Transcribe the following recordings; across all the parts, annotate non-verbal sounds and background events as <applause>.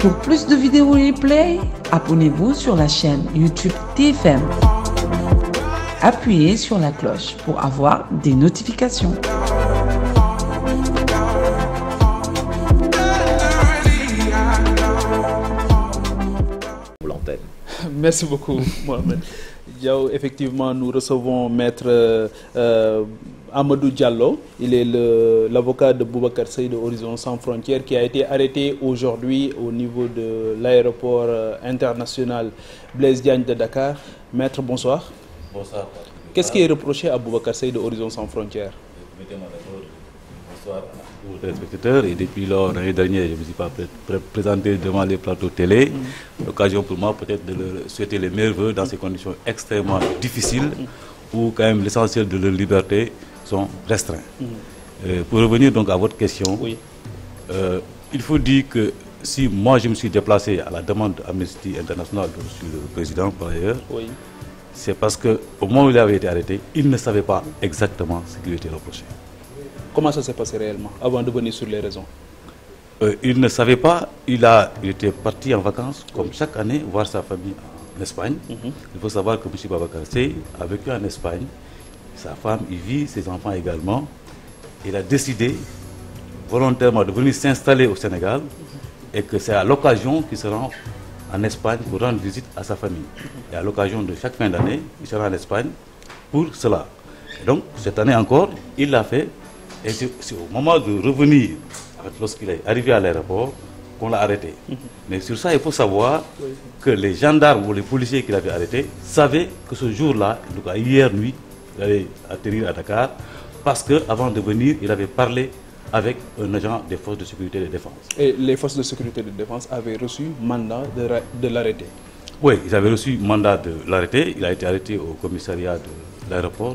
Pour plus de vidéos replay, abonnez-vous sur la chaîne YouTube TFM. Appuyez sur la cloche pour avoir des notifications. L'antenne. Merci beaucoup, Mohamed. Diaw, effectivement, nous recevons maître euh, jallo euh, Diallo. Il est l'avocat de Boubacar Sey de Horizon Sans Frontières qui a été arrêté aujourd'hui au niveau de l'aéroport euh, international Blaise Diagne de Dakar. Maître, bonsoir. Bonsoir. Qu'est-ce qui est reproché à Boubacar Sey Horizon Sans Frontières bonsoir à tous les téléspectateurs. Et depuis l'année dernière, je ne me suis pas présenté devant les plateaux télé. Mm. L'occasion pour moi peut-être de souhaiter les meilleurs dans ces conditions extrêmement difficiles mm. où l'essentiel de leur liberté sont restreints. Mm. Euh, pour revenir donc à votre question, euh, il faut dire que si moi je me suis déplacé à la demande d'Amnesty International, dont je suis le président par c'est parce qu'au moment où il avait été arrêté, il ne savait pas exactement ce qui était reproché. Comment ça s'est passé réellement avant de venir sur les raisons euh, Il ne savait pas, il, a, il était parti en vacances comme chaque année voir sa famille en Espagne. Mhm. Il faut savoir que M. Babacar a vécu en Espagne, sa femme y vit, ses enfants également. Il a décidé volontairement de venir s'installer au Sénégal et que c'est à l'occasion qu'il se rend en Espagne pour rendre visite à sa famille. Mhm. Et à l'occasion de chaque fin d'année, il sera en Espagne pour cela. Et c'est au moment de revenir, lorsqu'il est arrivé à l'aéroport, qu'on l'a arrêté. <laughs> Mais sur ça, il faut savoir que les gendarmes ou les policiers qui l'avaient arrêté savaient que ce jour-là, hier nuit, il allait atterrir à Dakar parce qu'avant de venir, il avait parlé avec un agent des forces de sécurité et de défense. Et les forces de sécurité et de défense avaient reçu mandat de, de l'arrêter Il a été arrêté au commissariat de l'aéroport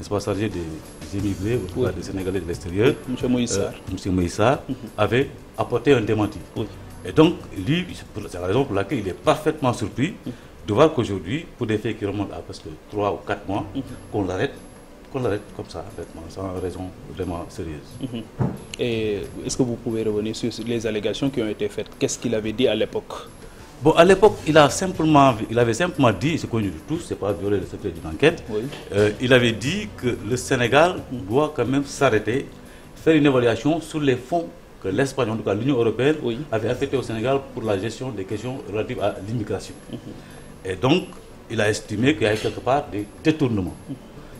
n'est-ce pas, chargé des émigrés, ou oui. des Sénégalais de l'extérieur, M. Moïse euh, mhm. avait apporté un démenti. Oui. donc, lui, c'est la raison pour laquelle il est parfaitement surpris mhm. de qu'aujourd'hui, pour des faits qui ou 4 mois, mhm. qu'on l'arrête qu'on l'arrête comme ça, vraiment sérieuse. est-ce que vous pouvez revenir sur les allégations qui ont été faites Qu'est-ce qu'il avait dit à l'époque Bon, à l'époque, il a simplement, il avait simplement dit, c'est connu de tous, c'est pas violer le secret d'une enquête. Oui. Euh, il avait dit que le Sénégal doit quand même s'arrêter, faire une évaluation sur les fonds que l'Espagne, en tout cas l'Union européenne, oui. avait affectés au Sénégal pour la gestion des questions relatives à l'immigration. Mm -hmm. Et donc, il a estimé qu'il y avait quelque part des détournements. Mhm.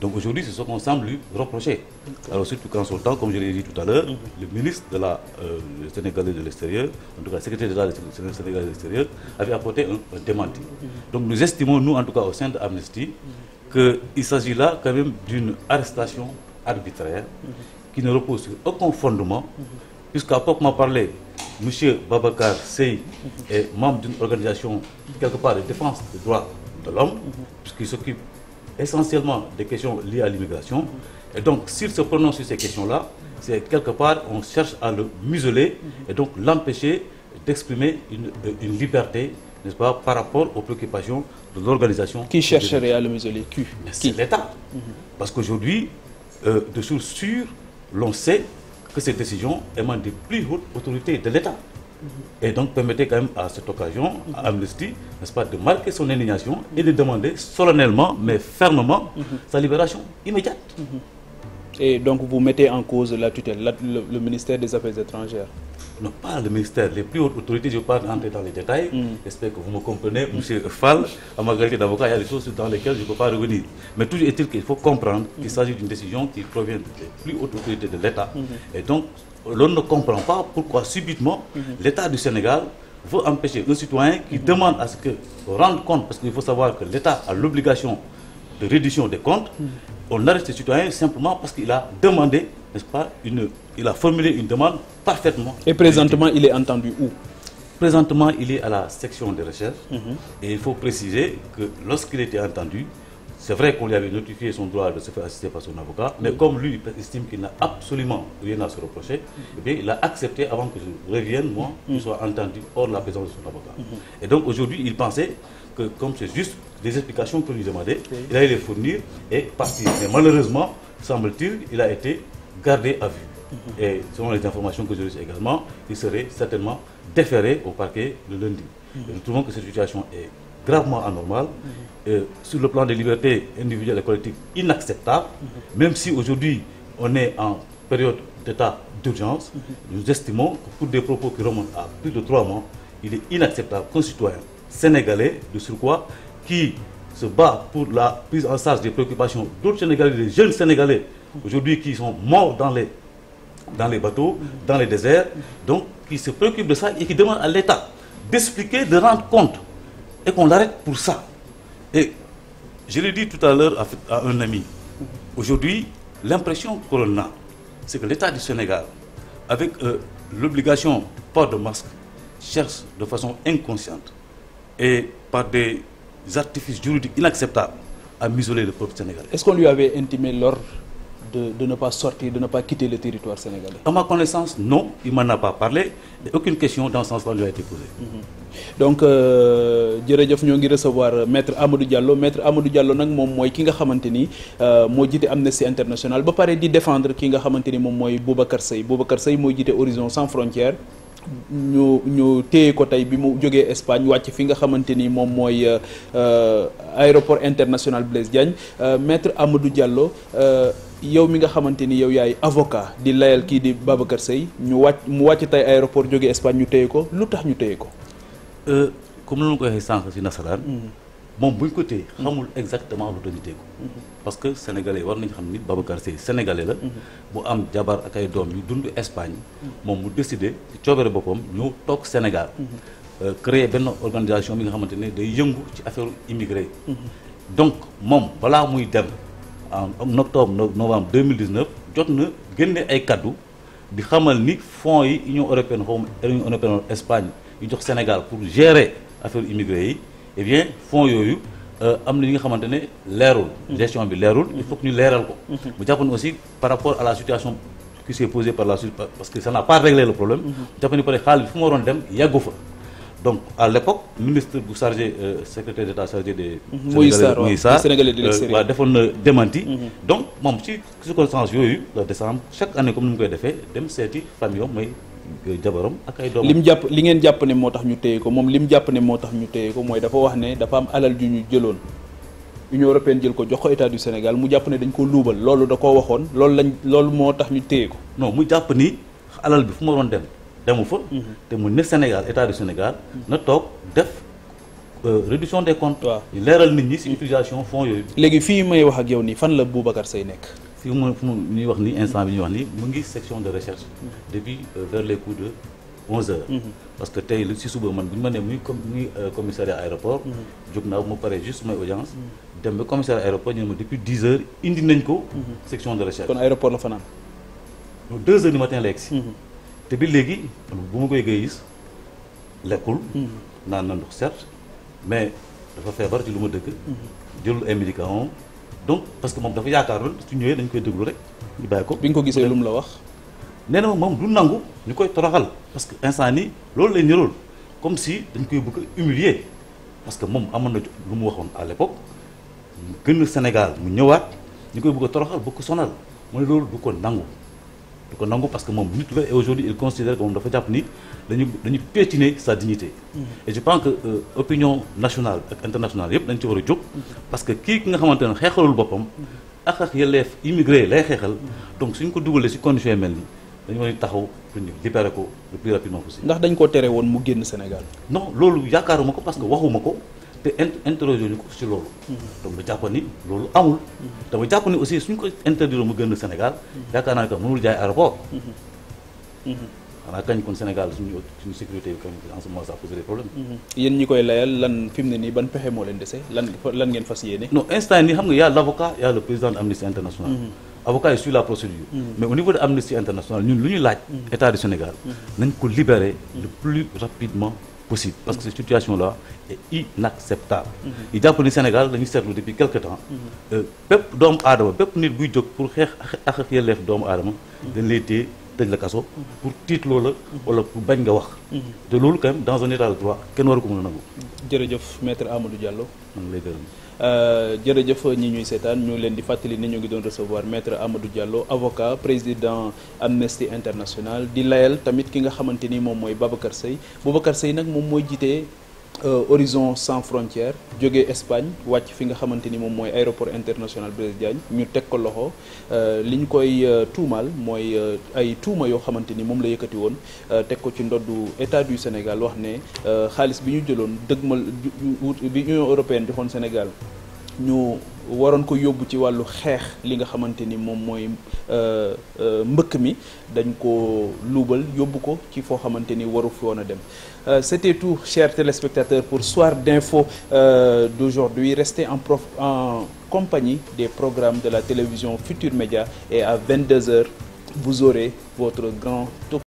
Donc aujourd'hui, c'est ce qu'on semble lui reprocher. Alors surtout qu'en comme je l'ai dit tout à l'heure, mhm. le ministre de la euh, de l'extérieur, en tout cas le secrétaire d'État de Sénégalais de l'extérieur, avait apporté un, un, démenti. Mhm. Donc nous estimons, nous en tout cas au sein de Amnesty, mhm. qu'il s'agit là quand même d'une arrestation arbitraire qui ne repose sur aucun fondement, puisqu'à proprement parler, M. Babacar Sey est membre d'une organisation, quelque part, de défense essentiellement des questions liées à l'immigration. donc, s'il se prononce sur ces questions-là, c'est quelque part, on cherche à le museler et donc l'empêcher d'exprimer une, euh, liberté, n'est-ce pas, par rapport aux préoccupations de l'organisation. Qui chercherait à le museler Qui, l'État. Mm-hmm. Parce qu'aujourd'hui, euh, de source sûre, l'on sait que ces décisions émanent des plus hautes autorités de l'État. Et donc permettez quand même à cette occasion, à Amnesty, nest pas, de marquer son indignation et de demander solennellement, mais fermement, mhm. sa libération immédiate. Mhm. Et donc vous mettez en cause la tutelle, le, ministère des Affaires étrangères Non, pas le ministère, les plus hautes autorités, je pas rentrer dans les détails. Mhm. J'espère que vous me comprenez, monsieur Fall, à ma qualité d'avocat, il y a des choses dans lesquelles je ne peux pas revenir. Mais toujours est-il qu'il faut comprendre qu'il s'agit d'une décision qui provient des plus l'on ne comprend pas pourquoi subitement mhm. l'État du Sénégal veut empêcher un citoyen qui mhm. demande à ce que rende compte, parce qu'il faut savoir que l'État a l'obligation de réduction des comptes, mhm. on arrête ce citoyen simplement parce qu'il a demandé, n'est-ce pas, il a formulé une demande parfaitement. Et présentement, il est entendu où Présentement, il est à la section de recherche. Mm entendu, C'est vrai qu'on lui avait notifié son droit de se faire assister par son avocat, mais comme lui estime qu'il n'a absolument rien à se reprocher, eh il a accepté avant que je revienne, moi, mm. qu'il soit entendu hors de la présence de son avocat. Mm-hmm. Et donc aujourd'hui, il pensait que comme c'est juste des explications que lui demandait, il allait les fournir et partir. malheureusement, semble-t-il, il a été gardé à vue. Mm-hmm. Et selon les informations que j'ai reçues également, au parquet mm-hmm. que cette situation est gravement anormal. Euh, sur le plan des libertés individuelles et collectives inacceptable. Mhm. Même si aujourd'hui on est en période d'état d'urgence, mhm. nous estimons que pour des propos qui remontent à plus de trois mois, il est inacceptable qu'un citoyen sénégalais de surcroît qui se bat pour la prise en charge des préoccupations d'autres Sénégalais, des jeunes Sénégalais aujourd'hui qui sont morts dans les bateaux, dans les déserts, donc qui se préoccupent de ça et et qu'on l'arrête pour ça et je l'ai dit tout à l'heure à un ami aujourd'hui l'impression que a c'est que l'État du Sénégal avec euh, l'obligation du port de masque cherche de façon inconsciente et par des artifices juridiques inacceptables à museler le peuple sénégalais. Est-ce qu'on lui avait intimé l'ordre de de ne pas sortir, de ne pas quitter le territoire sénégalais? À ma connaissance, non, il m'en a pas parlé et aucune question dans ce sens-là a donc euh, jërëjëf ñoo ngi recevoir maître Amadou Diallo maître Amadou Diallo nag moom mooy ki nga xamante ni euh, moo jiite Amnesty International ba pare di défendre ki nga xamante ni moom mooy Boubacar Seye Boubacar Seye mooy jiite Horizon Sans Frontières ñu ñu téye ko tey bi mu jógee Espagne wàcc fi nga xamante ni moom mooy euh, aéroport international Blaise Diagne maître Amadou Diallo yow mi nga xamante ni yow yaay avocat di layal kii di Babacar Seye ñu wàcc mu wàcc tey aéroport jógee Espagne ñu téye ko lu tax ñu téye ko. Euh, comme ni ma ko waxee sànq si nasaraan. Mm. moom buñ ko téye xamul exactement lu doon téye ko mm-hmm. parce que sénégalais war nañ xam ni Babacar Seye sénégalais la. bu mm-hmm. am jabar ak ay doom yu dund Espagne. Mm-hmm. moom mu décidé ci coobare boppam ñëw toog Sénégal. Euh, créer benn organisation bi nga xamante ne day yëngu ci affaire immigré donc moom balaa muy dem en octobre novembre 2019 jot na génne ay kaddu di xamal ni fonds yi Union européenne xaw Union européenne Espagne. yu jox Sénégal pour gérer affaire immigré yi eh bien fonds yooyu euh, am na yi nga xamante ne leerul gestion bi leerul il faut que ñu leeral ko mu jàppoon aussi par rapport à la situation qui s'est posée par la suite parce que ça n'a pas réglé le problème mu jàppoon pare xaalis bi fu ma waroon dem yàggu fa donc à l'époque ministre bu chargé euh, secrétaire d'État chargé des Moïse Sarr euh, waaw defoon na démenti mhm. donc moom ci circonstance yooyu la décembre chaque année ni mu koy defee dem seeti famille am mooy jabaram ak ay doomam lim jàpp li ngeen jàpp ne moo tax ñu téye ko moom lim jàpp ne moo tax ñu téye ko mooy dafa wax ne dafa am alal ju ñu jëloon Union européenne jël ko jox ko état du Sénégal mu jàpp ne dañ ko luubal loolu da koo waxoon loolu lañ loolu moo tax ñu téye ko. non mu jàpp ni alal bi fu ma waroon dem demu fa. Mhm. te mu ne Sénégal état du Sénégal. Mhm. na toog def euh, réduction de comptes. waaw leeral nit ñi si utilisation fonds yooyu. léegi fii may wax ak yow nii fan la Boubacar Seye nekk. fi mu fu mu wax ni instant bi ñuy wax ni mu ngi section de recherche depuis euh, vers les de onze mhm. parce que tey si suba man bu ñu ma nee muy muy euh, commissariat aéroport mhm. jóg naa bu ma paree juste may audience mhm. dem ba commissariat aéroport ñu ne ma depuis dix indi nañ ko section de recherche kon aéroport la fanaan non deux heures du matin la egsi te bi léegi bu ma koy gis lekkul naan na ndox certes mais dafa feebar ci lu ma dëkk jëlul ay médicaments donc parce que moom dafa yaakaaroon su ñëwee dañ koy déglu rek ñu bàyyi ko. bi nga ko gisee lu mu la wax. nee na moom du nangu ñu koy toroxal parce que instant nii loolu lay nirool comme si dañ koy bëgg a humilier parce que moom amoon na lu mu waxoon à l'époque mu gën Sénégal mu ñëwaat ñu koy bëgg a toroxal bëgg sonal mu ne loolu du ko nangu. du ko nangu parce que moom nit la et aujourd'hui il considère que moom dafa jàpp ni dañu dañu piétiner sa dignité mm. et je pense que euh, opinion nationale ak internationale yëpp dañu ci war a jóg mm-hmm. parce que kii ki nga xamante ne xeexalul boppam mm-hmm. ak ak yelleef immigré lay xeexal mm-hmm. donc suñ ko dugalee si condition yi mel ni dañu war a taxaw pour ko le plus rapidement possible ndax dañ ko tere woon mu génn Sénégal non loolu yaakaaruma ko parce que waxuma ko te interroger ñu ko ci loolu. donc ma jàpp ni loolu amul. Mm-hmm. te ma jàpp ni aussi suñ ko interdire mu gën Sénégal. Mm-hmm. yaakaar naa ne mënul jaay aéroport. Mm-hmm. xanaa kañ kon Sénégal suñu suñu sécurité bi en ce moment ça pose des problèmes. yéen ñi koy layal lan fi mu ne nii ban pexe moo leen dese lan ngeen fas yéene. non instant nii xam nga y' a l' avocat y' a président de Amnesty International. avocat yi suit la procédure. mais au niveau de Amnesty International possible parce que cette situation là est inacceptable ñu jàpp ni Sénégal dañu seetlu depuis quelque temps mhm. euh, bépp doomu aadama bépp nit buy jóg pour xeex ak ak yelleef doomu aadama mhm. dañ lay téye tëj la kaso mhm. pour tiitloo la wala pour bañ nga wax te loolu quand même dans un état droit kenn waru ko mën a nangu jërëjëf maître Amadou Diallo man lay Euh, jërëjëf ñi ñuy seetaan ñu leen di fàttali ni ñu ngi doon recevoir maître Amadou Diallo avocat président Amnesty International di layal tamit ki nga xamante ni moom mooy Babacar Seye Babacar Seye nag moom mooy jiite. Euh, Horizon sans frontières jóge Espagne wàcc fi nga xamante ni moom mooy aéroport international Blaise Diagne ñu teg ko loxo euh, li ñu koy euh, tuumaal mooy ay tuuma yoo xamante ni moom la yëkkati woon teg ko ci ndoddu état du Sénégal wax ne xaalis bi ñu jëloon dëgmal bi Union européenne joxoon Sénégal ñu waroon ko yóbbu ci wàllu xeex li nga xamante ni moom mooy euh, euh, mbëkk mi dañ ko luubal yóbbu ko ci foo xamante ni waru fi a dem euh, c'était tout chers téléspectateurs pour soir d'info d'aujourd'hui restez en prof en compagnie des programmes de la télévision Futur Média et à vingt deux vous aurez votre grand